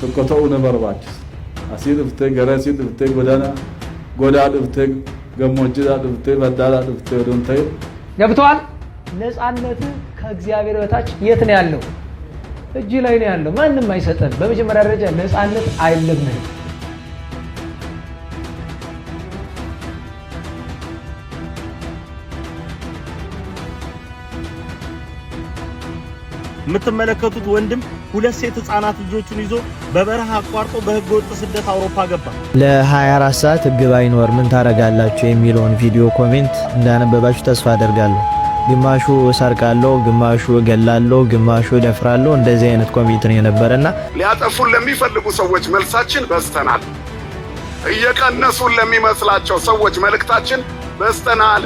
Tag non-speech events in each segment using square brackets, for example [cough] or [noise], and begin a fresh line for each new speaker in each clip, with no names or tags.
ጥንቆተው ነበርባችስ አሲ ድፍቴ ገረሲ ድፍቴ ጎዳና ጎዳ ድፍቴ ገሞጅዳ ድፍቴ በዳዳ ድፍቴ ወደንተይ
ገብተዋል። ነፃነት ከእግዚአብሔር በታች የት ነው ያለው? እጅ ላይ ነው ያለው። ማንም አይሰጠን። በመጀመሪያ ደረጃ ነፃነት አይለመንም። የምትመለከቱት ወንድም ሁለት ሴት ህጻናት ልጆቹን ይዞ በበረሃ አቋርጦ በህገ ወጥ ስደት አውሮፓ ገባ። ለ24 ሰዓት ህግ ባይኖር ምን ታደርጋላችሁ የሚለውን ቪዲዮ ኮሜንት እንዳነበባችሁ ተስፋ አደርጋለሁ። ግማሹ እሰርቃለሁ፣ ግማሹ እገላለሁ፣ ግማሹ እደፍራለሁ እንደዚህ አይነት ኮሜንት ነው የነበረና ሊያጠፉን ለሚፈልጉ ሰዎች መልሳችን በስተናል። እየቀነሱን ለሚመስላቸው ሰዎች መልእክታችን በስተናል።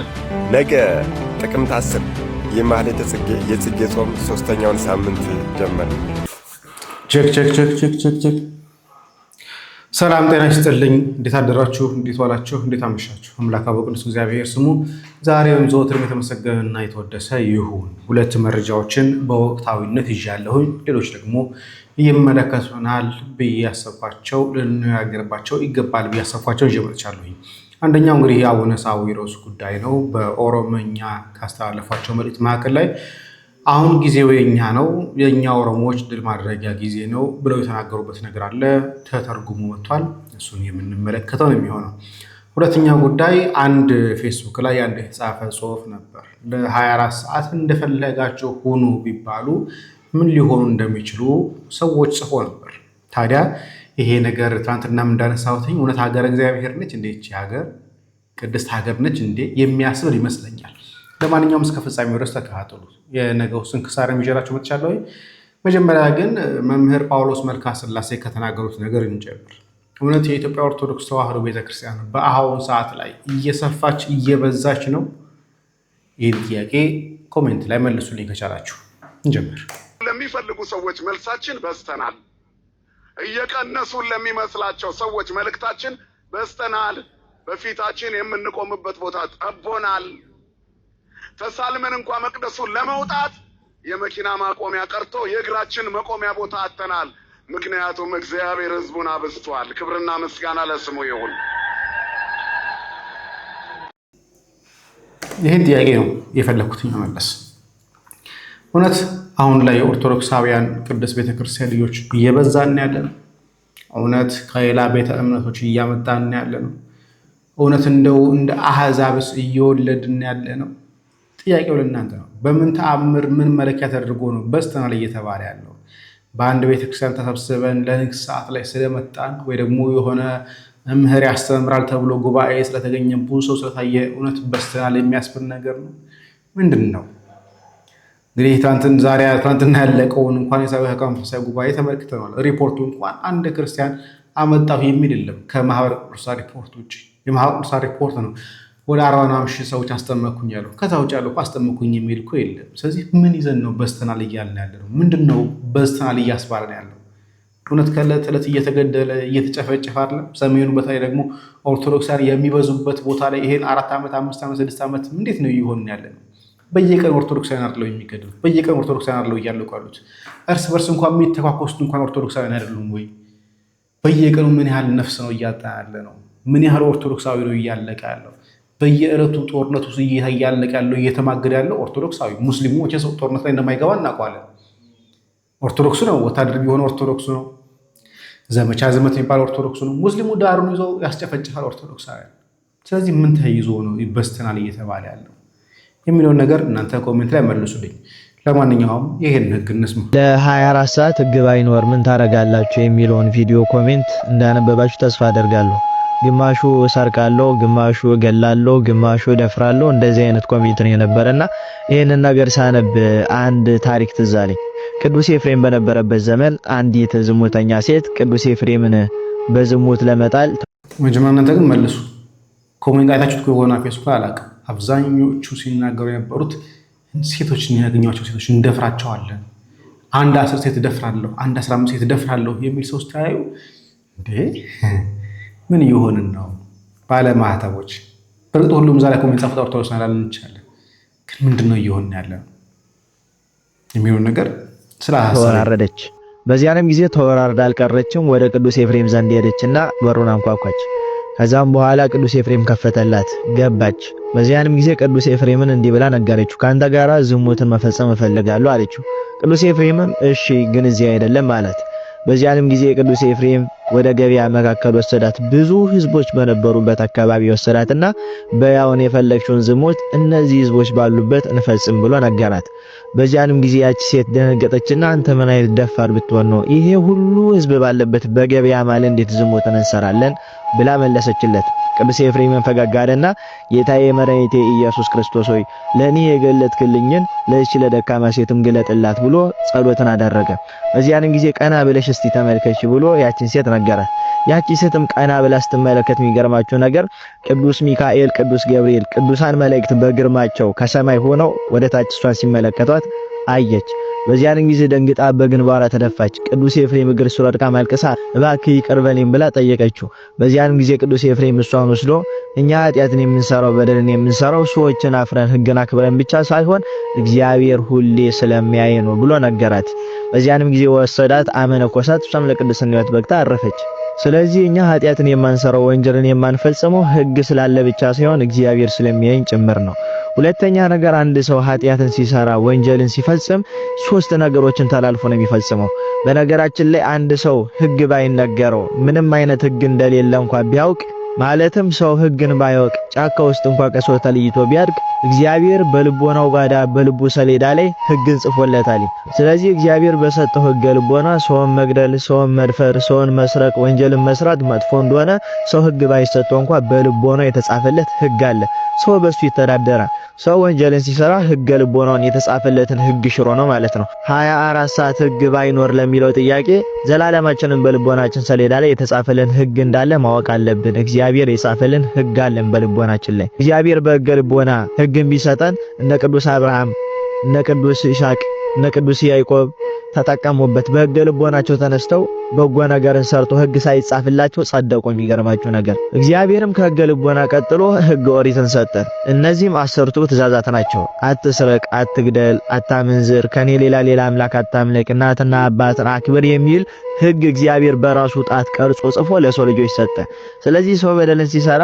ነገ ጥቅምት 10 የማህሌተ ጽጌ የጽጌ ጾም ሶስተኛውን ሳምንት ጀመር። ቸክ ቸክ ቸክ ቸክ ቸክ ቸክ። ሰላም ጤና ይስጥልኝ። እንዴት አደራችሁ? እንዴት ዋላችሁ? እንዴት አመሻችሁ? አምላክ አበው ቅዱስ እግዚአብሔር ስሙ ዛሬም ዘወትርም የተመሰገነና የተወደሰ ይሁን። ሁለት መረጃዎችን በወቅታዊነት ይዣለሁኝ። ሌሎች ደግሞ ይመለከቱናል ብዬ ያሰብኳቸው ልንነጋገርባቸው ይገባል ብዬ ያሰብኳቸው ይዤ መጥቻለሁኝ። አንደኛው እንግዲህ የአቡነ ሳዊሮስ ጉዳይ ነው። በኦሮምኛ ካስተላለፏቸው መልእክት መካከል ላይ አሁን ጊዜው የኛ ነው፣ የእኛ ኦሮሞዎች ድል ማድረጊያ ጊዜ ነው ብለው የተናገሩበት ነገር አለ። ተተርጉሞ መጥቷል። እሱን የምንመለከተው ነው የሚሆነው። ሁለተኛው ጉዳይ አንድ ፌስቡክ ላይ አንድ የተጻፈ ጽሁፍ ነበር። ለ24 ሰዓት እንደፈለጋቸው ሁኑ ቢባሉ ምን ሊሆኑ እንደሚችሉ ሰዎች ጽፎ ነበር ታዲያ ይሄ ነገር ትናንትና እንዳነሳሁትኝ እውነት ሀገር እግዚአብሔር ነች እንዴ? ይቺ ሀገር ቅድስት ሀገር ነች እንዴ? የሚያስብል ይመስለኛል። ለማንኛውም እስከ ፍጻሜው ድረስ የነገ የነገው ስንክሳር የሚጀራቸው መጥቻለሁ። መጀመሪያ ግን መምህር ጳውሎስ መልካ ስላሴ ከተናገሩት ነገር እንጀምር። እውነት የኢትዮጵያ ኦርቶዶክስ ተዋህዶ ቤተክርስቲያን በአሁን ሰዓት ላይ እየሰፋች እየበዛች ነው? ይህን ጥያቄ ኮሜንት ላይ መልሱልኝ ከቻላችሁ። እንጀምር። ለሚፈልጉ ሰዎች መልሳችን በዝተናል። እየቀነሱን ለሚመስላቸው ሰዎች መልእክታችን በስተናል፣ በፊታችን የምንቆምበት ቦታ ጠቦናል። ተሳልመን እንኳ መቅደሱን ለመውጣት የመኪና ማቆሚያ ቀርቶ የእግራችን መቆሚያ ቦታ አጥተናል። ምክንያቱም እግዚአብሔር ሕዝቡን አብዝቷል። ክብርና ምስጋና ለስሙ ይሁን። ይህን ጥያቄ ነው የፈለግኩት መመለስ እውነት አሁን ላይ የኦርቶዶክሳውያን ቅዱስ ቤተክርስቲያን ልጆች እየበዛን ያለ ነው። እውነት ከሌላ ቤተ እምነቶች እያመጣን ያለ ነው። እውነት እንደው እንደ አህዛብስ እየወለድን ያለ ነው። ጥያቄው ለእናንተ ነው። በምን ተአምር ምን መለኪያ ተደርጎ ነው በስተናል እየተባለ ያለው? በአንድ ቤተክርስቲያን ተሰብስበን ለንግስ ሰዓት ላይ ስለመጣን ወይ ደግሞ የሆነ መምህር ያስተምራል ተብሎ ጉባኤ ስለተገኘ ብዙ ሰው ስለታየ እውነት በስተናል የሚያስብል ነገር ነው ምንድን ነው? እንግዲህ ትናንትን ዛሬ ትናንትና ያለቀውን እንኳን የሳቢያ ቀንፈሳዊ ጉባኤ ተመልክተነዋል። ሪፖርቱ እንኳን አንድ ክርስቲያን አመጣሁ የሚል የለም ከማህበረ ቅዱሳን ሪፖርት ውጭ። የማህበረ ቅዱሳን ሪፖርት ነው ወደ አርባና ሺህ ሰዎች አስጠመኩኝ ያለው። ከዛ ውጭ ያለው አስጠመኩኝ የሚል እኮ የለም። ስለዚህ ምን ይዘን ነው በዝተናል እያልን ያለ ነው? ምንድን ነው በዝተናል እያስባለ ነው ያለው? እውነት ከዕለት ዕለት እየተገደለ እየተጨፈጨፈ አይደለም? ሰሜኑ በተለይ ደግሞ ኦርቶዶክሳን የሚበዙበት ቦታ ላይ ይሄን አራት ዓመት አምስት ዓመት ስድስት ዓመት እንዴት ነው እየሆንን ያለ ነው? በየቀን ኦርቶዶክሳውያን አድለው የሚገድሉት በየቀን ኦርቶዶክሳውያን አድለው እያለቁ ያሉት እርስ በርስ እንኳን የሚተኳኮሱት እንኳን ኦርቶዶክሳውያን አይደሉም ወይ? በየቀኑ ምን ያህል ነፍስ ነው እያጣ ያለ ነው? ምን ያህል ኦርቶዶክሳዊ ነው እያለቀ ያለው? በየዕለቱ ጦርነት ውስጥ እያለቀ ያለው እየተማገደ ያለው ኦርቶዶክሳዊ ሙስሊሙ ሰው ጦርነት ላይ እንደማይገባ እናውቀዋለን። ኦርቶዶክሱ ነው ወታደር ቢሆን ኦርቶዶክሱ ነው። ዘመቻ ዘመት የሚባል ኦርቶዶክሱ ነው። ሙስሊሙ ዳሩን ይዞ ያስጨፈጭፋል ኦርቶዶክሳውያን። ስለዚህ ምን ተይዞ ነው ይበስተናል እየተባለ ያለው? የሚለውን ነገር እናንተ ኮሜንት ላይ መልሱልኝ። ለማንኛውም ይህን ህግ እንስማ። ለ24 ሰዓት ህግ ባይኖር ምን ታደርጋላችሁ የሚለውን ቪዲዮ ኮሜንት እንዳነበባችሁ ተስፋ አደርጋለሁ። ግማሹ እሰርቃለሁ፣ ግማሹ እገላለሁ፣ ግማሹ እደፍራለሁ እንደዚህ አይነት ኮሜንት ነው የነበረና ይህንን ነገር ሳነብ አንድ ታሪክ ትዝ አለኝ። ቅዱስ ኤፍሬም በነበረበት ዘመን አንዲት ዝሙተኛ ሴት ቅዱስ ኤፍሬምን በዝሙት ለመጣል መጀመሪያ እናንተ ግን መልሱ። ኮሜንት አይታችሁት ከሆነ ፌስቡክ አላውቅም አብዛኞቹ ሲናገሩ የነበሩት ሴቶች ያገኟቸው ሴቶች እንደፍራቸዋለን። አንድ አስር ሴት እደፍራለሁ፣ አንድ አስራ አምስት ሴት እደፍራለሁ የሚል ሰው ስታያዩ እንዴ ምን እየሆንን ነው? ባለማህተቦች በእርግጥ ሁሉም ዛ ላይ ኮሜንት የሚጻፉት ኦርቶዶክስ ናላል እንችላለን፣ ግን ምንድን ነው እየሆን ያለ የሚሆን ነገር ተወራረደች። በዚያንም ጊዜ ተወራርዳ አልቀረችም። ወደ ቅዱስ ኤፍሬም ዘንድ ሄደችና በሩን አንኳኳች። ከዛም በኋላ ቅዱስ ኤፍሬም ከፈተላት፣ ገባች። በዚያንም ጊዜ ቅዱስ ኤፍሬምን እንዲህ ብላ ነገረችው፣ ከአንተ ጋር ዝሙትን መፈጸም እፈልጋለሁ አለችው። ቅዱስ ኤፍሬምም እሺ፣ ግን እዚህ አይደለም ማለት። በዚያንም ጊዜ ቅዱስ ኤፍሬም ወደ ገበያ መካከል ወሰዳት፣ ብዙ ህዝቦች በነበሩበት አካባቢ ወሰዳትና በያውን የፈለግችውን ዝሙት እነዚህ ህዝቦች ባሉበት እንፈጽም ብሎ ነገራት። በዚያንም ጊዜ ያቺ ሴት ደነገጠችና አንተ ምን አይነት ደፋር ብትሆን ነው ይሄ ሁሉ ህዝብ ባለበት በገበያ ማለት እንዴት ዝሙትን እንሰራለን ብላ መለሰችለት። ቅዱስ ኤፍሬምን ፈገግ አለና ጌታዬ መድኃኒቴ ኢየሱስ ክርስቶስ ሆይ ለእኔ የገለጥክልኝን ለዚች ለደካማ ሴትም ግለጥላት ብሎ ጸሎትን አደረገ። በዚያን ጊዜ ቀና ብለሽ እስቲ ተመልከች ብሎ ያችን ሴት ነገራት። ያቺ ሴትም ቀና ብላ ስትመለከት የሚገርማቸው ነገር ቅዱስ ሚካኤል፣ ቅዱስ ገብርኤል፣ ቅዱሳን መላእክት በግርማቸው ከሰማይ ሆነው ወደ ታች እሷን ሲመለከቷት አየች። በዚያን ጊዜ ደንግጣ በግንባሯ ተደፋች። ቅዱስ ኤፍሬም እግር ስር ወድቃ ማልቀሳ እባክህ ይቅር በለኝ ብላ ጠየቀችው። በዚያን ጊዜ ቅዱስ ኤፍሬም እሷን ወስዶ እኛ ኃጢአትን የምንሰራው በደልን የምንሰራው ሰዎችን አፍረን ሕግን አክብረን ብቻ ሳይሆን እግዚአብሔር ሁሌ ስለሚያይ ነው ብሎ ነገራት። በዚያንም ጊዜ ወሰዳት፣ አመነኮሳት። እሷም ለቅድስና ሕይወት በቅታ አረፈች። ስለዚህ እኛ ኃጢአትን የማንሰራው ወንጀልን የማንፈጽመው ሕግ ስላለ ብቻ ሳይሆን እግዚአብሔር ስለሚያይን ጭምር ነው። ሁለተኛ ነገር አንድ ሰው ኃጢአትን ሲሰራ ወንጀልን ሲፈጽም ሶስት ነገሮችን ተላልፎ ነው የሚፈጽመው። በነገራችን ላይ አንድ ሰው ህግ ባይነገረው ምንም አይነት ህግ እንደሌለ እንኳ ቢያውቅ ማለትም ሰው ህግን ባይወቅ ጫካ ውስጥ እንኳ ቀሶ ተለይቶ ቢያድግ እግዚአብሔር በልቦናው ጓዳ በልቡ ሰሌዳ ላይ ህግን ጽፎለታል። ስለዚህ እግዚአብሔር በሰጠው ህገ ልቦና ሰውን መግደል፣ ሰውን መድፈር፣ ሰውን መስረቅ፣ ወንጀልን መስራት መጥፎ እንደሆነ ሰው ህግ ባይሰጠው እንኳ በልቦናው የተጻፈለት ህግ አለ። ሰው በሱ ይተዳደራል። ሰው ወንጀልን ሲሰራ ህገ ልቦናውን የተጻፈለትን ህግ ሽሮ ነው ማለት ነው። 24 ሰዓት ህግ ባይኖር ለሚለው ጥያቄ ዘላለማችንን በልቦናችን ሰሌዳ ላይ የተጻፈልን ህግ እንዳለ ማወቅ አለብን። እግዚአብሔር የጻፈልን ህግ አለን በልቦናችን ላይ። እግዚአብሔር በህገ ልቦና ህግን ቢሰጠን እነ ቅዱስ አብርሃም፣ እነ ቅዱስ ይስሐቅ፣ እነ ቅዱስ ያዕቆብ ተጠቀሙበት። በህገ ልቦናቸው ተነስተው በጎ ነገርን ሰርቶ ህግ ሳይጻፍላቸው ጸደቁ። የሚገርማችሁ ነገር እግዚአብሔርም ከህገ ልቦና ቀጥሎ ህግ ኦሪትን ሰጠ። እነዚህም አሰርቱ ትእዛዛት ናቸው። አትስረቅ፣ አትግደል፣ አታምንዝር፣ ከኔ ሌላ ሌላ አምላክ አታምልክ፣ እናትና አባትን አክብር የሚል ህግ እግዚአብሔር በራሱ ጣት ቀርጾ ጽፎ ለሰው ልጆች ሰጠ። ስለዚህ ሰው በደልን ሲሰራ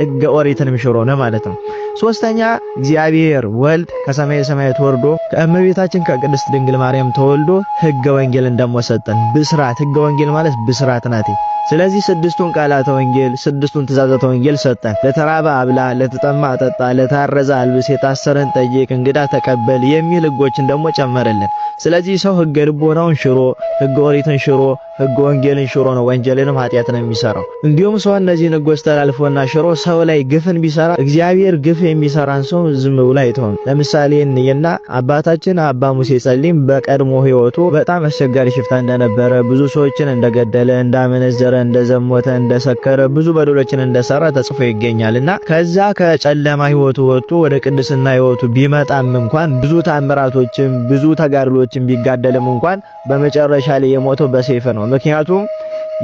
ህገ ኦሪትንም ሽሮ ነው ማለት ነው። ሶስተኛ እግዚአብሔር ወልድ ከሰማይ ሰማያት ወርዶ ከእመቤታችን ከቅድስት ድንግል ማርያም ተወልዶ ህገ ወንጌልን ደግሞ ሰጠን። ብስራት ህገ ወንጌል ማለት ብስራት ናት። ስለዚህ ስድስቱን ቃላተ ወንጌል ስድስቱን ትእዛዛተ ወንጌል ሰጠን። ለተራበ አብላ፣ ለተጠማ አጠጣ፣ ለታረዘ አልብስ፣ የታሰረን ጠይቅ፣ እንግዳ ተቀበል የሚል ህጎችን ደግሞ ጨመረልን። ስለዚህ ሰው ህገ ልቦናውን ሽሮ ህገ ወሪትን ሽሮ ህገ ወንጌልን ሽሮ ነው ወንጀልንም ኃጢአትን የሚሰራው። እንዲሁም ሰው እነዚህን ህጎች ተላልፎና ሽሮ ሰው ላይ ግፍን ቢሰራ እግዚአብሔር ግፍ የሚሰራን ሰው ዝም ብሎ አይተውም። ለምሳሌ እንየና አባታችን አባ ሙሴ ጸሊም በቀድሞ ህይወቱ በጣም አስቸጋሪ ሽፍታ እንደነበረ ብዙ ሰዎችን እንደገደለ እንዳመነዘረ እንደዘሞተ፣ እንደሰከረ ብዙ በደሎችን እንደሰራ ተጽፎ ይገኛል እና ከዛ ከጨለማ ህይወቱ ወጥቶ ወደ ቅድስና ህይወቱ ቢመጣም እንኳን ብዙ ታምራቶችን ብዙ ተጋድሎችን ቢጋደልም እንኳን በመጨረሻ ላይ የሞተው በሰይፍ ነው። ምክንያቱም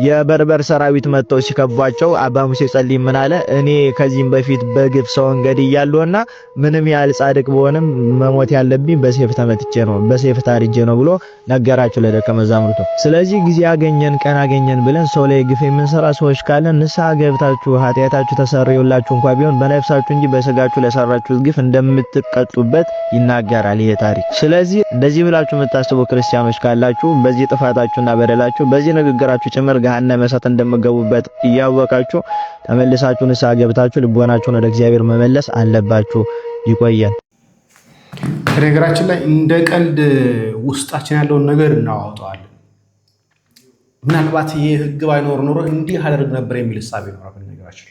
የበርበር ሰራዊት መጥተው ሲከቧቸው አባ ሙሴ ጸሊም ምን አለ? እኔ ከዚህም በፊት በግፍ እንገድ ገድያለሁና ምንም ያህል ጻድቅ ብሆንም መሞት ያለብኝ በሰይፍ ተመትቼ ነው፣ በሰይፍ ታርጄ ነው ብሎ ነገራቸው ለደቀ መዛሙርቱ። ስለዚህ ጊዜ አገኘን ቀን አገኘን ብለን ሰው ላይ ግፍ የምንሰራ ሰዎች ካለን ንስሐ ገብታችሁ ኃጢአታችሁ ተሰርዩላችሁ እንኳ ቢሆን በነፍሳችሁ እንጂ በስጋችሁ ለሰራችሁት ግፍ እንደምትቀጡበት ይናገራል ይሄ ታሪክ። ስለዚህ እንደዚህ ብላችሁ የምታስቡ ክርስቲያኖች ካላችሁ በዚህ ጥፋታችሁና በደላችሁ በዚህ ንግግራችሁ ጭምር ገሃነመ እሳት እንደምገቡበት እያወቃችሁ ተመልሳችሁ ንስሐ ገብታችሁ ልቦናችሁን ወደ እግዚአብሔር መመለስ አለባችሁ። ይቆያል። ከነገራችን ላይ እንደ ቀልድ ውስጣችን ያለውን ነገር እናዋውጠዋለን። ምናልባት ይህ ህግ ባይኖር ኖሮ እንዲህ አደርግ ነበር የሚል እሳቤ ይኖራል። ነገራችን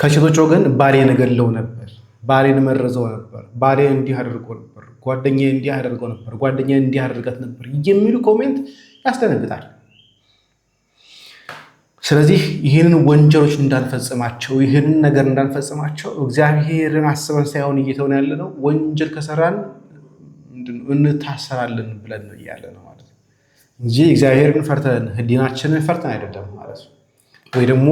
ከሴቶች ወገን ባሌን እገለው ነበር፣ ባሌ መረዘው ነበር፣ ባሌን እንዲህ አደርጎ ነበር፣ ጓደኛ እንዲህ አደርገው ነበር፣ ጓደኛ እንዲህ አደርጋት ነበር የሚሉ ኮሜንት ያስደነግጣል። ስለዚህ ይህንን ወንጀሎች እንዳንፈጽማቸው ይህንን ነገር እንዳንፈጽማቸው እግዚአብሔርን አስበን ሳይሆን እየተሆነ ያለ ነው። ወንጀል ከሰራን እንታሰራለን ብለን እያለ ነው ማለት ነው እንጂ እግዚአብሔርን ፈርተን ሕሊናችንን ፈርተን አይደለም ማለት ነው። ወይ ደግሞ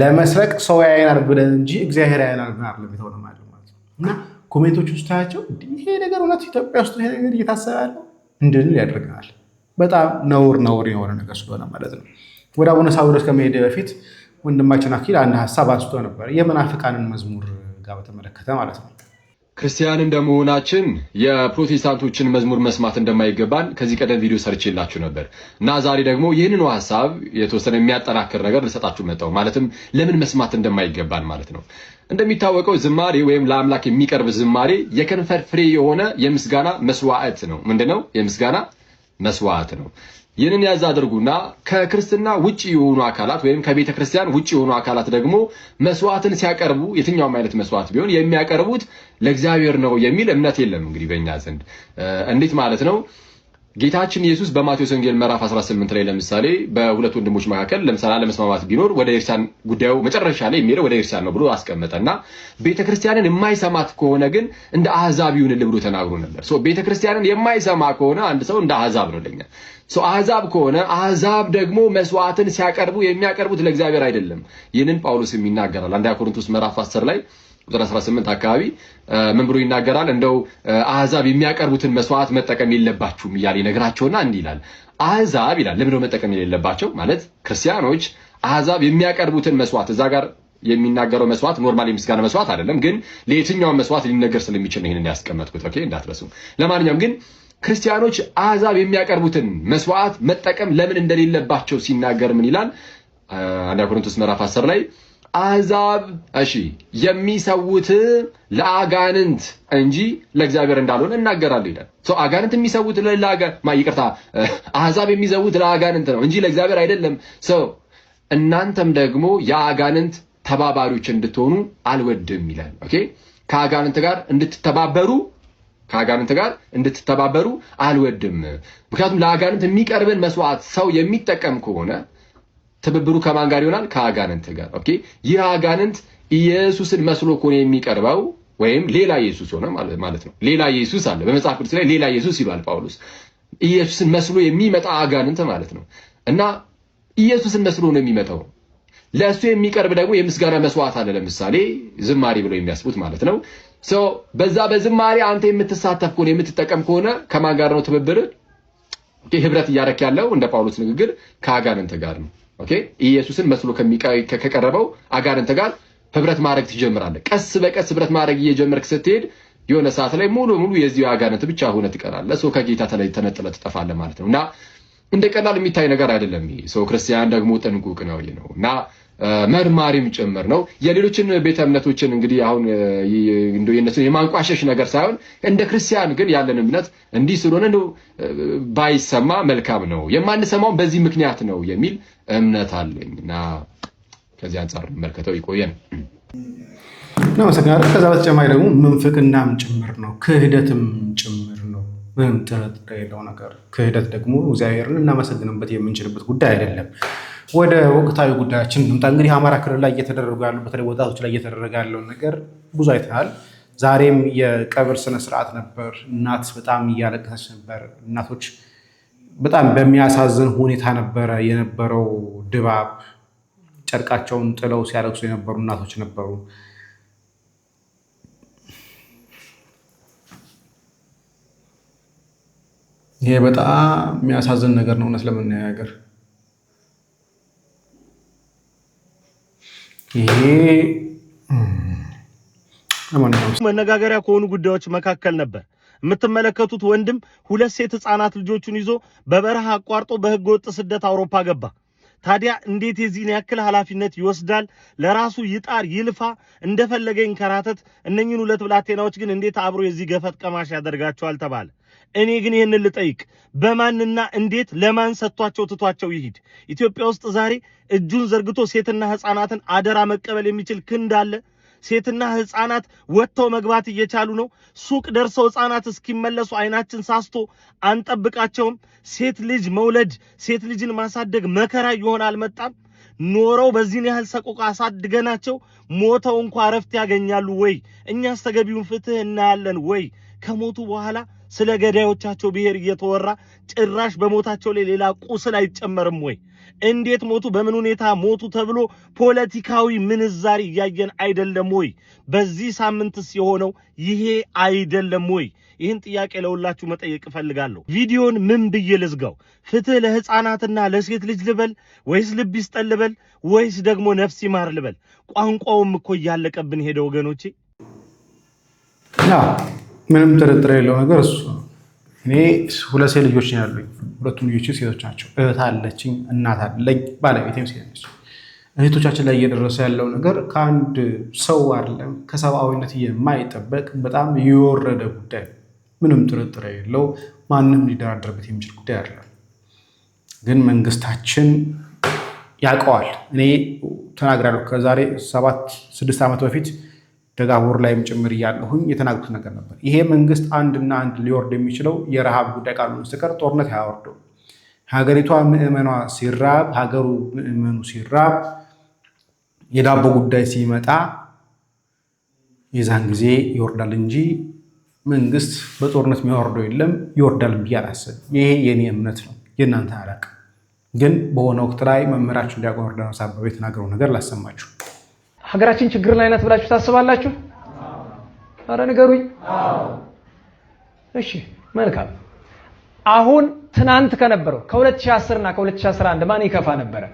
ለመስረቅ ሰው ያየናል ብለን እንጂ እግዚአብሔር ያየናል ብለን አይደለም የተሆነ ማለት ነው። እና ኮሜንቶች ውስጥ ታያቸው ይሄ ነገር እውነት ኢትዮጵያ ውስጥ ይሄ ነገር እየታሰበ ያለው እንድንል ያደርገናል። በጣም ነውር ነውር የሆነ ነገር ስለሆነ ማለት ነው። ወደ አቡነ ሳዊሮስ ከመሄድ በፊት ወንድማችን አኪል አንድ ሀሳብ አንስቶ ነበር፣ የመናፍቃንን መዝሙር ጋር በተመለከተ ማለት ነው። ክርስቲያን እንደመሆናችን የፕሮቴስታንቶችን መዝሙር መስማት እንደማይገባን ከዚህ ቀደም ቪዲዮ ሰርቼላችሁ ነበር እና ዛሬ ደግሞ ይህንኑ ሀሳብ የተወሰነ የሚያጠናክር ነገር ልሰጣችሁ መጣሁ። ማለትም ለምን መስማት እንደማይገባን ማለት ነው። እንደሚታወቀው ዝማሬ ወይም ለአምላክ የሚቀርብ ዝማሬ የከንፈር ፍሬ የሆነ የምስጋና መስዋዕት ነው። ምንድነው? የምስጋና መስዋዕት ነው። ይህንን ያዝ አድርጉና ከክርስትና ውጭ የሆኑ አካላት ወይም ከቤተ ክርስቲያን ውጭ የሆኑ አካላት ደግሞ መስዋዕትን ሲያቀርቡ የትኛውም አይነት መስዋዕት ቢሆን የሚያቀርቡት ለእግዚአብሔር ነው የሚል እምነት የለም። እንግዲህ በእኛ ዘንድ እንዴት ማለት ነው? ጌታችን ኢየሱስ በማቴዎስ ወንጌል ምዕራፍ 18 ላይ ለምሳሌ በሁለት ወንድሞች መካከል ለምሳሌ አለመስማማት ቢኖር ወደ ኤርሳን ጉዳዩ መጨረሻ ላይ የሚሄደው ወደ ኤርሳን ነው ብሎ አስቀመጠ እና ቤተክርስቲያንን የማይሰማት ከሆነ ግን እንደ አህዛብ ይሁንልህ ብሎ ተናግሮ ነበር። ቤተክርስቲያንን የማይሰማ ከሆነ አንድ ሰው እንደ አህዛብ ነው ለኛ። አህዛብ ከሆነ አህዛብ ደግሞ መስዋዕትን ሲያቀርቡ የሚያቀርቡት ለእግዚአብሔር አይደለም። ይህንን ጳውሎስም ይናገራል አንደኛ ቆሮንቶስ ምዕራፍ 10 ላይ ቁጥር 18 አካባቢ ምን ብሎ ይናገራል? እንደው አህዛብ የሚያቀርቡትን መስዋዕት መጠቀም የለባችሁም እያለ ይነግራቸውና እንዲህ ይላል። አህዛብ ይላል ለምንድነው መጠቀም የሌለባቸው? ማለት ክርስቲያኖች አህዛብ የሚያቀርቡትን መስዋዕት እዛ ጋር የሚናገረው መስዋዕት ኖርማል የምስጋና መስዋዕት አይደለም፣ ግን ለየትኛውን መስዋዕት ሊነገር ስለሚችል ነው ይህንን ያስቀመጥኩት። ኦኬ እንዳትረሱ። ለማንኛውም ግን ክርስቲያኖች አህዛብ የሚያቀርቡትን መስዋዕት መጠቀም ለምን እንደሌለባቸው ሲናገር ምን ይላል? አንደኛ ቆሮንቶስ ምዕራፍ 10 ላይ አሕዛብ እሺ የሚሰውት ለአጋንንት እንጂ ለእግዚአብሔር እንዳልሆነ እናገራለሁ ይላል። አጋንንት የሚሰውት የሚሰዉት ይቅርታ፣ [laughs] አሕዛብ የሚሰውት ለአጋንንት ነው እንጂ ለእግዚአብሔር አይደለም። ሰው እናንተም ደግሞ የአጋንንት ተባባሪዎች እንድትሆኑ አልወድም ይላል። ኦኬ ከአጋንንት ጋር እንድትተባበሩ ከአጋንንት ጋር እንድትተባበሩ አልወድም። ምክንያቱም ለአጋንንት የሚቀርብን መስዋዕት ሰው የሚጠቀም ከሆነ ትብብሩ ከማን ጋር ይሆናል? ከአጋንንት ጋር። ኦኬ ይህ አጋንንት ኢየሱስን መስሎ እኮ የሚቀርበው ወይም ሌላ ኢየሱስ ሆነ ማለት ነው። ሌላ ኢየሱስ አለ በመጽሐፍ ቅዱስ ላይ ሌላ ኢየሱስ ይሏል ጳውሎስ። ኢየሱስን መስሎ የሚመጣ አጋንንት ማለት ነው እና ኢየሱስን መስሎ ነው የሚመጣው። ለእሱ የሚቀርብ ደግሞ የምስጋና መስዋዕት አለ። ለምሳሌ ዝማሬ ብለው የሚያስቡት ማለት ነው። በዛ በዝማሬ አንተ የምትሳተፍ ከሆነ የምትጠቀም ከሆነ ከማን ጋር ነው ትብብር? ህብረት እያረክ ያለው እንደ ጳውሎስ ንግግር ከአጋንንት ጋር ነው። ኦኬ ኢየሱስን መስሎ ከቀረበው አጋንንት ጋር ህብረት ማድረግ ትጀምራለህ። ቀስ በቀስ ህብረት ማድረግ እየጀመርክ ስትሄድ የሆነ ሰዓት ላይ ሙሉ ሙሉ የዚህ አጋንንት ብቻ ሆነ ትቀራለህ። ሰው ከጌታ ተለይ ተነጥለ ትጠፋለህ ማለት ነው እና እንደ ቀላል የሚታይ ነገር አይደለም። ሰው ክርስቲያን ደግሞ ጥንቁቅ ነው ነው እና መርማሪም ጭምር ነው። የሌሎችን ቤተ እምነቶችን እንግዲህ አሁን እንደው የእነሱን የማንቋሸሽ ነገር ሳይሆን እንደ ክርስቲያን ግን ያለን እምነት እንዲህ ስለሆነ ነው ባይሰማ መልካም ነው፣ የማንሰማውን በዚህ ምክንያት ነው የሚል እምነት አለኝ እና ከዚህ አንጻር መልከተው ይቆየን ነው። ከዛ በተጨማሪ ደግሞ ምንፍቅናም ጭምር ነው ክህደትም ጭምር ምንም ጥርጥር የለው ነገር ክህደት ደግሞ እግዚአብሔርን እናመሰግንበት የምንችልበት ጉዳይ አይደለም። ወደ ወቅታዊ ጉዳያችን እንምጣ። እንግዲህ አማራ ክልል ላይ እየተደረጉ ያሉ በተለይ ወጣቶች ላይ እየተደረገ ያለውን ነገር ብዙ አይተሃል። ዛሬም የቀብር ስነስርዓት ነበር። እናት በጣም እያለቀሰች ነበር። እናቶች በጣም በሚያሳዝን ሁኔታ ነበረ የነበረው ድባብ። ጨርቃቸውን ጥለው ሲያለቅሱ የነበሩ እናቶች ነበሩ። ይሄ በጣም የሚያሳዝን ነገር ነው። እውነት ለመነጋገር ይሄ መነጋገሪያ ከሆኑ ጉዳዮች መካከል ነበር። የምትመለከቱት ወንድም ሁለት ሴት ህፃናት ልጆቹን ይዞ በበረሃ አቋርጦ በህገ ወጥ ስደት አውሮፓ ገባ። ታዲያ እንዴት የዚህን ያክል ኃላፊነት ይወስዳል? ለራሱ ይጣር ይልፋ፣ እንደፈለገ ይንከራተት። እነኝን ሁለት ብላቴናዎች ግን እንዴት አብሮ የዚህ ገፈት ቀማሽ ያደርጋቸዋል ተባለ። እኔ ግን ይህንን ልጠይቅ፣ በማንና እንዴት ለማን ሰጥቷቸው ትቷቸው ይሂድ? ኢትዮጵያ ውስጥ ዛሬ እጁን ዘርግቶ ሴትና ህፃናትን አደራ መቀበል የሚችል ክንድ አለ? ሴትና ህፃናት ወጥተው መግባት እየቻሉ ነው። ሱቅ ደርሰው ህፃናት እስኪመለሱ አይናችን ሳስቶ አንጠብቃቸውም። ሴት ልጅ መውለድ፣ ሴት ልጅን ማሳደግ መከራ ይሆን አልመጣም? ኖረው በዚህን ያህል ሰቆቃ አሳድገናቸው ሞተው እንኳ እረፍት ያገኛሉ ወይ? እኛስ ተገቢውን ፍትህ እናያለን ወይ? ከሞቱ በኋላ ስለ ገዳዮቻቸው ብሔር እየተወራ ጭራሽ በሞታቸው ላይ ሌላ ቁስል አይጨመርም ወይ? እንዴት ሞቱ፣ በምን ሁኔታ ሞቱ ተብሎ ፖለቲካዊ ምንዛሪ እያየን አይደለም ወይ? በዚህ ሳምንትስ የሆነው ይሄ አይደለም ወይ? ይህን ጥያቄ ለሁላችሁ መጠየቅ እፈልጋለሁ። ቪዲዮን ምን ብዬ ልዝጋው? ፍትህ ለህፃናትና ለሴት ልጅ ልበል ወይስ ልብ ይስጠን ልበል ወይስ ደግሞ ነፍስ ይማር ልበል? ቋንቋውም እኮ እያለቀብን ሄደ ወገኖቼ። ምንም ጥርጥር የለው ነገር እሱ ነው። እኔ ሁለት ሴት ልጆች ያሉኝ፣ ሁለቱም ልጆች ሴቶች ናቸው። እህት አለችኝ፣ እናት አለኝ፣ ባለቤቴም ሴት ነች። እህቶቻችን ላይ እየደረሰ ያለው ነገር ከአንድ ሰው አይደለም ከሰብአዊነት የማይጠበቅ በጣም የወረደ ጉዳይ ምንም ጥርጥር የለው ማንም ሊደራደርበት የሚችል ጉዳይ አይደለም። ግን መንግስታችን ያውቀዋል። እኔ ተናግራለሁ። ከዛሬ ሰባት ስድስት ዓመት በፊት ደጋቡር ላይም ጭምር እያለሁኝ የተናገሩት ነገር ነበር። ይሄ መንግስት አንድና አንድ ሊወርድ የሚችለው የረሃብ ጉዳይ ካልሆነ በስተቀር ጦርነት አያወርደው። ሀገሪቷ ምዕመኗ ሲራብ፣ ሀገሩ ምዕመኑ ሲራብ፣ የዳቦ ጉዳይ ሲመጣ የዛን ጊዜ ይወርዳል እንጂ መንግስት በጦርነት የሚያወርደው የለም። ይወርዳል ብዬ አላስብም። ይሄ የኔ እምነት ነው፣ የእናንተ አላቅ። ግን በሆነ ወቅት ላይ መምህራችሁ ዲያቆን ዮርዳኖስ አበበ የተናገረው ነገር ላሰማችሁ። ሀገራችን ችግር ላይ ናት ብላችሁ ታስባላችሁ? አረ ንገሩኝ። እሺ መልካም። አሁን ትናንት ከነበረው ከ2010 እና ከ2011 ማን ይከፋ ነበረ?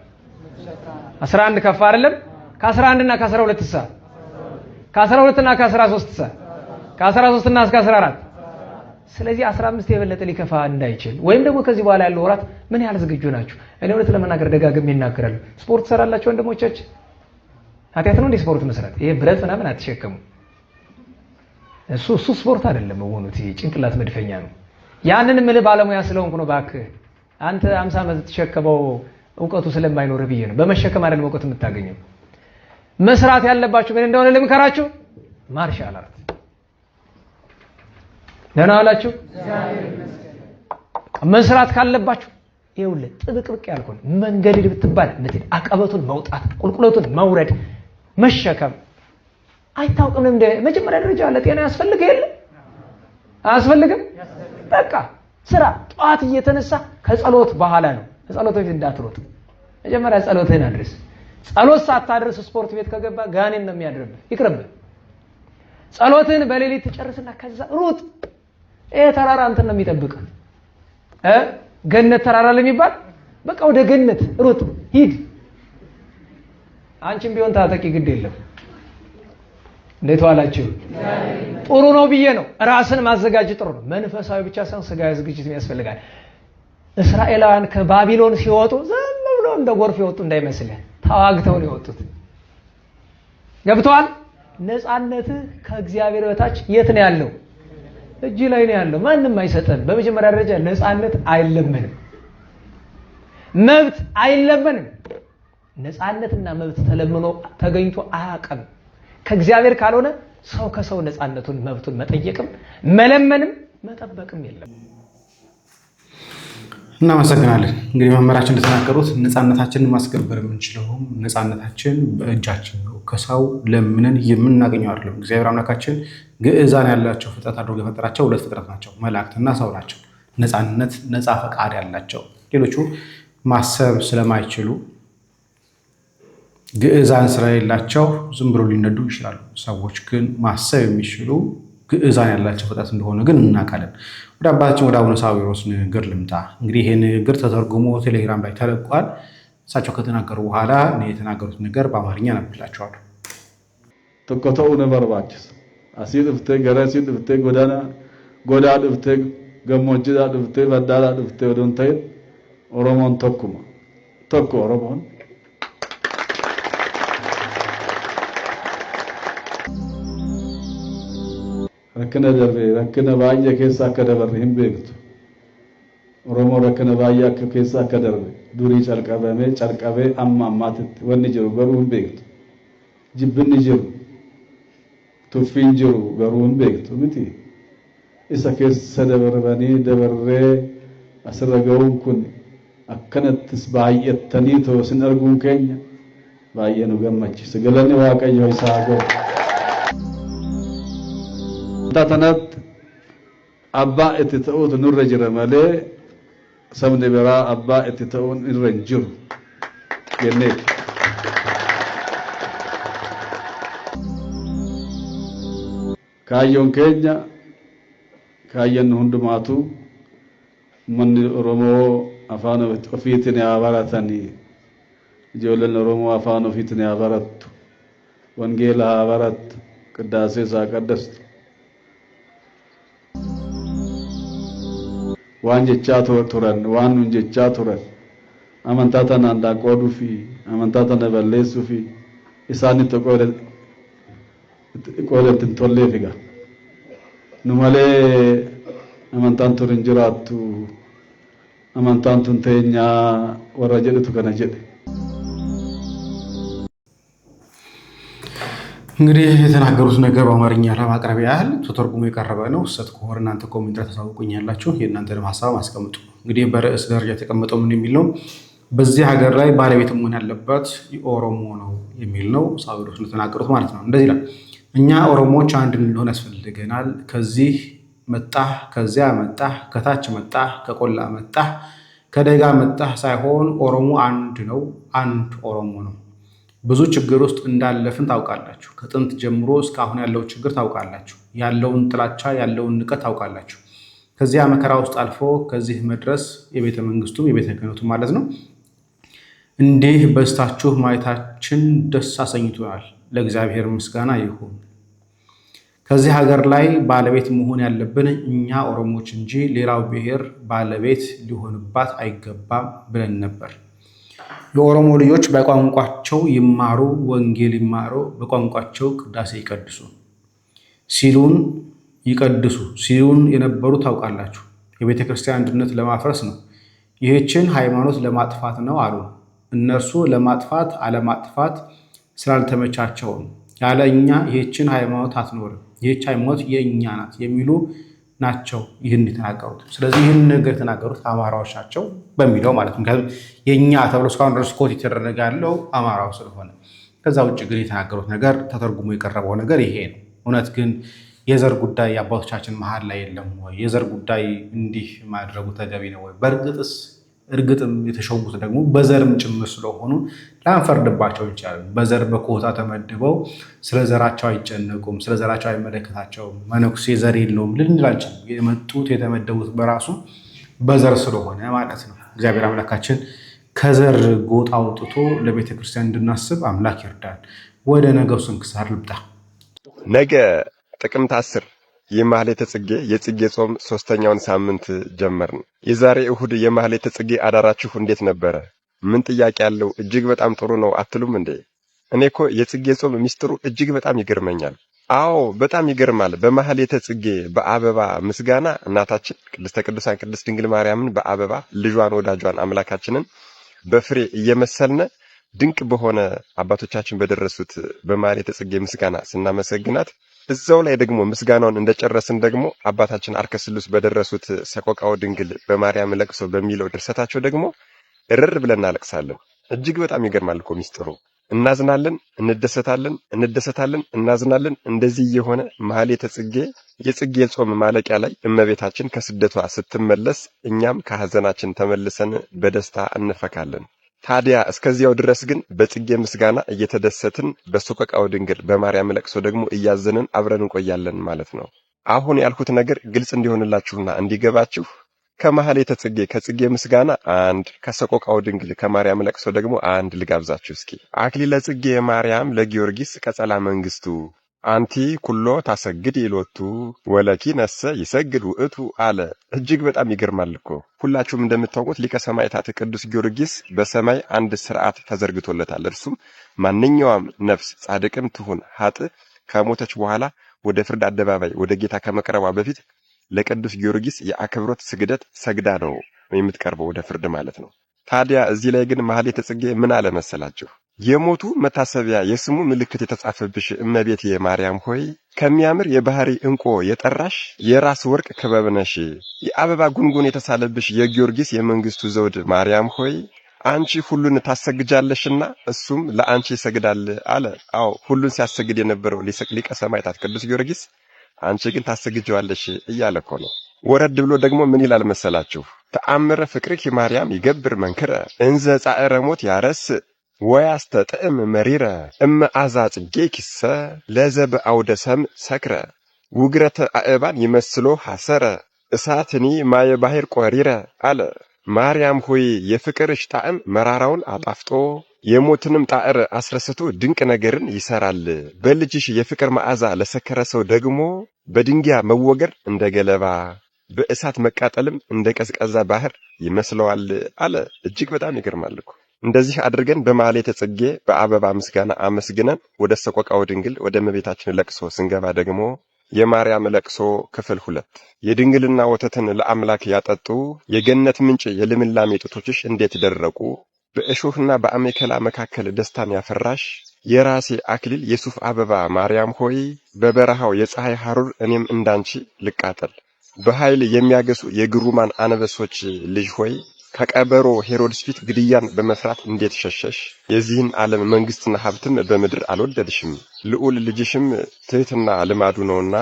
11 ከፋ አይደለም? ከ11 እና ከ12 ሳ ከ12 እና ከ13 ሳ ከ13 እና እስከ 14 ስለዚህ 15 የበለጠ ሊከፋ እንዳይችል ወይም ደግሞ ከዚህ በኋላ ያለው ወራት ምን ያህል ዝግጁ ናችሁ? እኔ እውነት ለመናገር ደጋግሜ ይናገራሉ። ስፖርት ሰራላችሁ ወንድሞቻችን ኃጢአት ነው እንደ ስፖርት መስራት። ይሄ ብረት ምናምን አትሸከሙ። እሱ እሱ ስፖርት አይደለም ወኑት ጭንቅላት መድፈኛ ነው። ያንን የምልህ ባለሙያ ስለሆንኩ ነው። እባክህ አንተ 50 ዓመት ተሸከመው እውቀቱ ስለማይኖር ብዬ ነው። በመሸከም አይደለም እውቀት የምታገኘው። መስራት ያለባችሁ ምን እንደሆነ ልምከራችሁ። ማርሻል አርት ደህና አላችሁ። መስራት ካለባችሁ ይኸውልህ ጥብቅብቅ ያልኩህን መንገድ ብትባል እንትን አቀበቱን መውጣት ቁልቁለቱን መውረድ መሸከም አይታውቅም እንደ መጀመሪያ ደረጃ አለ ጤና ያስፈልግ የለ አያስፈልግም። በቃ ስራ ጠዋት እየተነሳ ከጸሎት በኋላ ነው። ከጸሎት በፊት እንዳትሮጥ፣ መጀመሪያ ጸሎትህን አድርስ። ጸሎት ሳታደርስ ስፖርት ቤት ከገባ ጋኔን ነው የሚያድርብህ፣ ይቅርብህ። ጸሎትህን በሌሊት ትጨርስና ከዛ ሩጥ። ይሄ ተራራ እንትን ነው የሚጠብቅህ እ ገነት ተራራ ለሚባል በቃ ወደ ገነት ሩጥ ሂድ። አንቺም ቢሆን ታጠቂ፣ ግድ የለም። እንዴት ዋላችሁ? ጥሩ ነው ብዬ ነው። ራስን ማዘጋጀት ጥሩ ነው። መንፈሳዊ ብቻ ሳይሆን ስጋዊ ዝግጅት ያስፈልጋል። እስራኤላውያን ከባቢሎን ሲወጡ ዝም ብሎ እንደ ጎርፍ የወጡ እንዳይመስልህ፣ ተዋግተው ነው የወጡት። ገብተዋል። ነፃነትህ ከእግዚአብሔር በታች የት ነው ያለው? እጅ ላይ ነው ያለው። ማንም አይሰጠን። በመጀመሪያ ደረጃ ነፃነት አይለመንም፣ መብት አይለመንም። ነፃነትና መብት ተለምኖ ተገኝቶ አያውቅም። ከእግዚአብሔር ካልሆነ ሰው ከሰው ነፃነቱን መብቱን መጠየቅም መለመንም መጠበቅም የለም። እናመሰግናለን። እንግዲህ መምህራችን እንደተናገሩት ነፃነታችንን ማስከበር የምንችለውም ነፃነታችን በእጃችን ነው። ከሰው ለምንን የምናገኘው አይደለም። እግዚአብሔር አምላካችን ግዕዛን ያላቸው ፍጥረት አድርጎ የፈጠራቸው ሁለት ፍጥረት ናቸው፣ መላእክትና ሰው ናቸው። ነፃነት፣ ነፃ ፈቃድ ያላቸው ሌሎቹ ማሰብ ስለማይችሉ ግዕዛን ስለሌላቸው ዝም ብሎ ሊነዱ ይችላሉ። ሰዎች ግን ማሰብ የሚችሉ ግዕዛን ያላቸው ፍጥረት እንደሆነ ግን እናውቃለን። ወደ አባታችን ወደ አቡነ ሳዊሮስ ንግግር ልምጣ። እንግዲህ ይህ ንግግር ተተርጉሞ ቴሌግራም ላይ ተለቋል። እሳቸው ከተናገሩ በኋላ የተናገሩት ነገር በአማርኛ ነብላቸዋለሁ። ጥቆተው ነበርባችስ አሲ ጥፍቴ ገረሲ ፍቴ ጎዳና ጎዳ ጥፍቴ ገሞጅዳ ፍቴ በዳዳ ፍቴ ወደንታይ ኦሮሞን ተኩማ ተኩ ኦሮሞን rakkina rakkina darbe keessa akka dabarre hin beektu. oromoo rakkina baay'ee akka keessa akka darbe durii calqabamee calqabee amma ammaatitti wanni jiru garuu hin beektu jibbinni jiru tuffiin jiru garuu hin beektu miti isa keessa dabarbanii dabarree asirra ga'uun kun akkanattis baay'attanii too sin arguun keenya baay'ee nu gammachiisa galanni Waaqayyoo isaa ga'u. Wanta sanatti abbaa itti ta'utu nurra jira malee sabni biraa abbaa itti ta'uun irra hinjiru jiru jenneeti. Kaayyoon keenya kaayyoon hundumaatu manni Oromoo afaan ofiitiin haa baratanii ijoolleen Oromoo afaan ofiitiin haa barattu wangeela haa barattu isaa qadastu. waan jechaa turan waan nun jechaa turan amantaa tanaan daaqooduu fi amantaa tana balleessuu fi isaanitti qoodatti hin tolleef egaa nu malee amantaan tun hin jiraattu amantaan tun teenyaa warra jedhetu kana jedhe እንግዲህ የተናገሩት ነገር በአማርኛ ለማቅረብ ያህል ተተርጉሞ የቀረበ ነው። እሰት ከሆነ እናንተ ኮሜንት ላይ ታሳውቁኝ ያላችሁ ሀሳብ አስቀምጡ። እንግዲህ በርዕስ ደረጃ የተቀመጠው ምን የሚል ነው? በዚህ ሀገር ላይ ባለቤት መሆን ያለበት ኦሮሞ ነው የሚል ነው። ሳዊሮስ እንደተናገሩት ማለት ነው። እንደዚህ ይላል፣ እኛ ኦሮሞዎች አንድ ልንሆን ያስፈልገናል። ከዚህ መጣህ፣ ከዚያ መጣህ፣ ከታች መጣህ፣ ከቆላ መጣህ፣ ከደጋ መጣህ ሳይሆን ኦሮሞ አንድ ነው፣ አንድ ኦሮሞ ነው። ብዙ ችግር ውስጥ እንዳለፍን ታውቃላችሁ። ከጥንት ጀምሮ እስከ አሁን ያለው ችግር ታውቃላችሁ። ያለውን ጥላቻ፣ ያለውን ንቀት ታውቃላችሁ። ከዚያ መከራ ውስጥ አልፎ ከዚህ መድረስ የቤተ መንግስቱም የቤተ ክህነቱም ማለት ነው። እንዲህ በስታችሁ ማየታችን ደስ አሰኝቶናል። ለእግዚአብሔር ምስጋና ይሁን። ከዚህ ሀገር ላይ ባለቤት መሆን ያለብን እኛ ኦሮሞዎች እንጂ ሌላው ብሔር ባለቤት ሊሆንባት አይገባም ብለን ነበር። የኦሮሞ ልጆች በቋንቋቸው ይማሩ፣ ወንጌል ይማሩ፣ በቋንቋቸው ቅዳሴ ይቀድሱ ሲሉን ይቀድሱ ሲሉን የነበሩ ታውቃላችሁ። የቤተ ክርስቲያን አንድነት ለማፍረስ ነው፣ ይህችን ሃይማኖት ለማጥፋት ነው አሉ። እነርሱ ለማጥፋት አለማጥፋት ስላልተመቻቸውም ያለ እኛ ይህችን ሃይማኖት አትኖርም፣ ይህች ሃይማኖት የእኛ ናት የሚሉ ናቸው ይህን የተናገሩት። ስለዚህ ይህን ነገር የተናገሩት አማራዎች ናቸው በሚለው ማለት ምክንያቱም የእኛ ተብሎ እስካሁን ድረስ ኮት የተደረገ ያለው አማራው ስለሆነ፣ ከዛ ውጭ ግን የተናገሩት ነገር ተተርጉሞ የቀረበው ነገር ይሄ ነው። እውነት ግን የዘር ጉዳይ የአባቶቻችን መሀል ላይ የለም ወይ? የዘር ጉዳይ እንዲህ ማድረጉ ተገቢ ነው ወይ? በእርግጥስ እርግጥም የተሾሙት ደግሞ በዘርም ጭምር ስለሆኑ ላንፈርድባቸው እንችላለን። በዘር በኮታ ተመድበው ስለ ዘራቸው አይጨነቁም፣ ስለ ዘራቸው አይመለከታቸውም፣ መነኩሴ ዘር የለውም ልንላቸው የመጡት የተመደቡት በራሱ በዘር ስለሆነ ማለት ነው። እግዚአብሔር አምላካችን ከዘር ጎጥ አውጥቶ ለቤተ ክርስቲያን እንድናስብ አምላክ ይርዳል። ወደ ነገው ስንክሳር ልብጣ። ነገ ጥቅምት አስር የማህሌተ ጽጌ የጽጌ ጾም ሦስተኛውን ሳምንት ጀመርን። የዛሬ እሁድ የማህሌተ ጽጌ አዳራችሁ እንዴት ነበረ? ምን ጥያቄ ያለው? እጅግ በጣም ጥሩ ነው አትሉም እንዴ? እኔ እኮ የጽጌ ጾም ሚስጥሩ እጅግ በጣም ይገርመኛል። አዎ በጣም ይገርማል። በማህሌተ ጽጌ በአበባ ምስጋና እናታችን ቅድስተ ቅዱሳን ቅድስት ድንግል ማርያምን በአበባ ልጇን ወዳጇን አምላካችንን በፍሬ እየመሰልነ ድንቅ በሆነ አባቶቻችን በደረሱት በማህሌተ ጽጌ ምስጋና ስናመሰግናት እዛው ላይ ደግሞ ምስጋናውን እንደጨረስን ደግሞ አባታችን አርከስሉስ በደረሱት ሰቆቃወ ድንግል በማርያም ለቅሶ በሚለው ድርሰታቸው ደግሞ እርር ብለን እናለቅሳለን። እጅግ በጣም ይገርማል እኮ ሚስጥሩ። እናዝናለን፣ እንደሰታለን፣ እንደሰታለን፣ እናዝናለን። እንደዚህ የሆነ ማህሌተ ጽጌ የጽጌ ጾም ማለቂያ ላይ እመቤታችን ከስደቷ ስትመለስ እኛም ከሐዘናችን ተመልሰን በደስታ እንፈካለን። ታዲያ እስከዚያው ድረስ ግን በጽጌ ምስጋና እየተደሰትን በሰቆቃወ ድንግል በማርያም ለቅሶ ደግሞ እያዘንን አብረን እንቆያለን ማለት ነው። አሁን ያልኩት ነገር ግልጽ እንዲሆንላችሁና እንዲገባችሁ ከማህሌተ ጽጌ ከጽጌ ምስጋና አንድ ከሰቆቃወ ድንግል ከማርያም ለቅሶ ደግሞ አንድ ልጋብዛችሁ። እስኪ አክሊለ ጽጌ ማርያም ለጊዮርጊስ ቀጸላ መንግስቱ አንቲ ኩሎ ታሰግድ ይሎቱ ነሰ ይሰግድ ውእቱ አለ። እጅግ በጣም ይገርማል እኮ። ሁላችሁም እንደምታውቁት ሊቀ ሰማዕታት ቅዱስ ጊዮርጊስ በሰማይ አንድ ስርዓት ተዘርግቶለታል። እርሱም ማንኛውም ነፍስ ጻድቅም ትሁን ሀጥ ከሞተች በኋላ ወደ ፍርድ አደባባይ ወደ ጌታ ከመቅረቧ በፊት ለቅዱስ ጊዮርጊስ የአክብሮት ስግደት ሰግዳ ነው የምትቀርበው ወደ ፍርድ ማለት ነው። ታዲያ እዚህ ላይ ግን መሐሌተ ጽጌ ምን አለ መሰላችሁ? የሞቱ መታሰቢያ የስሙ ምልክት የተጻፈብሽ እመቤቴ ማርያም ሆይ ከሚያምር የባህሪ እንቆ የጠራሽ የራስ ወርቅ ክበብ ነሽ። የአበባ ጉንጉን የተሳለብሽ የጊዮርጊስ የመንግስቱ ዘውድ ማርያም ሆይ አንቺ ሁሉን ታሰግጃለሽና እሱም ለአንቺ ይሰግዳል አለ። አዎ ሁሉን ሲያሰግድ የነበረው ሊቀ ሰማዕታት ቅዱስ ጊዮርጊስ አንቺ ግን ታሰግጀዋለሽ እያለ እኮ ነው። ወረድ ብሎ ደግሞ ምን ይላል መሰላችሁ? ተአምረ ፍቅርኪ ማርያም ይገብር መንክረ እንዘ ጻዕረ ሞት ያረስ ወያስተ ጥዕም መሪረ እመዓዛ ጽጌ ኪሰ ለዘብ አውደ ሰም ሰክረ ውግረተ አእባን ይመስሎ ሐሰረ እሳትኒ ማየ ባሕር ቆሪረ አለ። ማርያም ሆይ የፍቅርሽ ጣዕም መራራውን አጣፍጦ የሞትንም ጣዕር አስረስቶ ድንቅ ነገርን ይሰራል። በልጅሽ የፍቅር መዓዛ ለሰከረ ሰው ደግሞ በድንጊያ መወገር እንደ ገለባ በእሳት መቃጠልም እንደ ቀዝቃዛ ባህር ይመስለዋል አለ። እጅግ በጣም ይገርማል እኮ። እንደዚህ አድርገን በማሕሌተ ጽጌ በአበባ ምስጋና አመስግነን ወደ ሰቆቃወ ድንግል ወደ እመቤታችን ለቅሶ ስንገባ ደግሞ የማርያም ለቅሶ ክፍል ሁለት የድንግልና ወተትን ለአምላክ ያጠጡ የገነት ምንጭ የልምላሜ ጡቶችሽ እንዴት ደረቁ፣ በእሾህና በአሜከላ መካከል ደስታን ያፈራሽ የራሴ አክሊል የሱፍ አበባ ማርያም ሆይ በበረሃው የፀሐይ ሐሩር እኔም እንዳንቺ ልቃጠል፣ በኃይል የሚያገሱ የግሩማን አነበሶች ልጅ ሆይ ከቀበሮ ሄሮድስ ፊት ግድያን በመስራት እንዴት ሸሸሽ? የዚህን ዓለም መንግሥትና ሀብትም በምድር አልወደድሽም። ልዑል ልጅሽም ትሕትና ልማዱ ነውና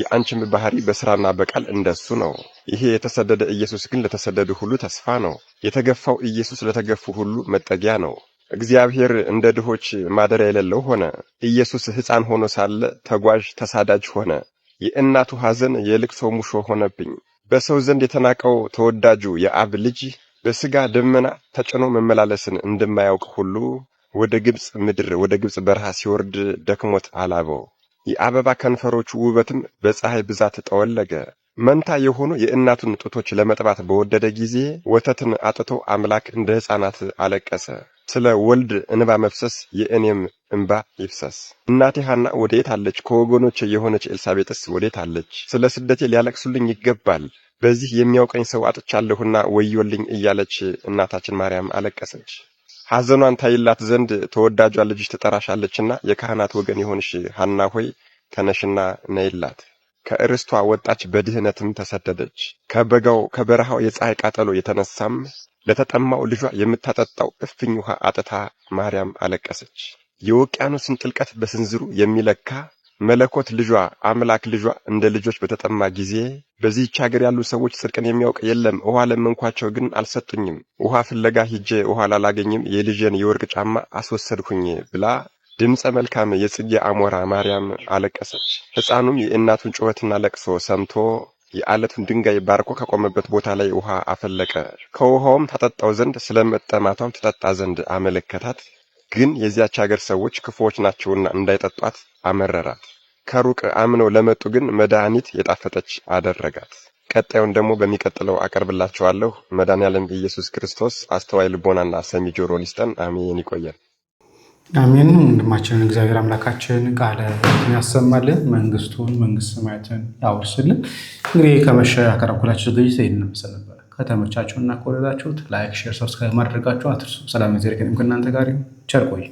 የአንቺም ባሕሪ በሥራና በቃል እንደሱ ነው። ይሄ የተሰደደ ኢየሱስ ግን ለተሰደዱ ሁሉ ተስፋ ነው። የተገፋው ኢየሱስ ለተገፉ ሁሉ መጠጊያ ነው። እግዚአብሔር እንደ ድሆች ማደሪያ የሌለው ሆነ። ኢየሱስ ሕፃን ሆኖ ሳለ ተጓዥ፣ ተሳዳጅ ሆነ። የእናቱ ሐዘን የልቅሶ ሙሾ ሆነብኝ። በሰው ዘንድ የተናቀው ተወዳጁ የአብ ልጅ በስጋ ደመና ተጭኖ መመላለስን እንደማያውቅ ሁሉ ወደ ግብፅ ምድር ወደ ግብፅ በረሃ ሲወርድ ደክሞት አላበው። የአበባ ከንፈሮቹ ውበትም በፀሐይ ብዛት ጠወለገ። መንታ የሆኑ የእናቱን ጡቶች ለመጥባት በወደደ ጊዜ ወተትን አጥቶ አምላክ እንደ ሕፃናት አለቀሰ። ስለ ወልድ እንባ መፍሰስ የእኔም እንባ ይፍሰስ። እናቴ ሐና ወዴት አለች? ከወገኖች የሆነች ኤልሳቤጥስ ወዴት አለች? ስለ ስደቴ ሊያለቅሱልኝ ይገባል። በዚህ የሚያውቀኝ ሰው አጥቻለሁና ወዮልኝ እያለች እናታችን ማርያም አለቀሰች። ሐዘኗን ታይላት ዘንድ ተወዳጇ ልጅሽ ትጠራሻለችና የካህናት ወገን የሆንሽ ሐና ሆይ ተነሽና ነይላት። ከእርስቷ ወጣች፣ በድህነትም ተሰደደች። ከበጋው ከበረሃው የፀሐይ ቃጠሎ የተነሳም ለተጠማው ልጇ የምታጠጣው እፍኝ ውሃ አጥታ ማርያም አለቀሰች። የውቅያኖስን ጥልቀት በስንዝሩ የሚለካ መለኮት ልጇ አምላክ ልጇ እንደ ልጆች በተጠማ ጊዜ በዚህች ሀገር ያሉ ሰዎች ጽድቅን የሚያውቅ የለም፣ ውሃ ለመንኳቸው ግን አልሰጡኝም፣ ውሃ ፍለጋ ሂጄ ውሃ ላላገኝም የልጄን የወርቅ ጫማ አስወሰድኩኝ ብላ ድምፀ መልካም የጽጌ አሞራ ማርያም አለቀሰች። ሕፃኑም የእናቱን ጩኸትና ለቅሶ ሰምቶ የአለቱን ድንጋይ ባርኮ ከቆመበት ቦታ ላይ ውሃ አፈለቀ። ከውሃውም ታጠጣው ዘንድ ስለ መጠማቷም ትጠጣ ዘንድ አመለከታት። ግን የዚያች አገር ሰዎች ክፉዎች ናቸውና እንዳይጠጧት አመረራት። ከሩቅ አምነው ለመጡ ግን መድኃኒት የጣፈጠች አደረጋት። ቀጣዩን ደግሞ በሚቀጥለው አቀርብላችኋለሁ። መድኃኔዓለም ኢየሱስ ክርስቶስ አስተዋይ ልቦናና ሰሚ ጆሮ ሊስጠን። አሜን። ይቆያል። አሜን። ወንድማችንን እግዚአብሔር አምላካችን ቃለ ያሰማልን፣ መንግስቱን መንግስት ሰማያትን ያወርስልን። እንግዲህ ከመሸ ያቀረብኩላችሁ ዝግጅት ይህን ምስል ነበረ። ከተመቻችሁ እና ከወደዳችሁት ላይክ፣ ሼር፣ ሰብስክራይብ ማድረጋችሁ አትርሱ። ሰላም ዜርግንም ከእናንተ ጋር ቸር ቆዩ።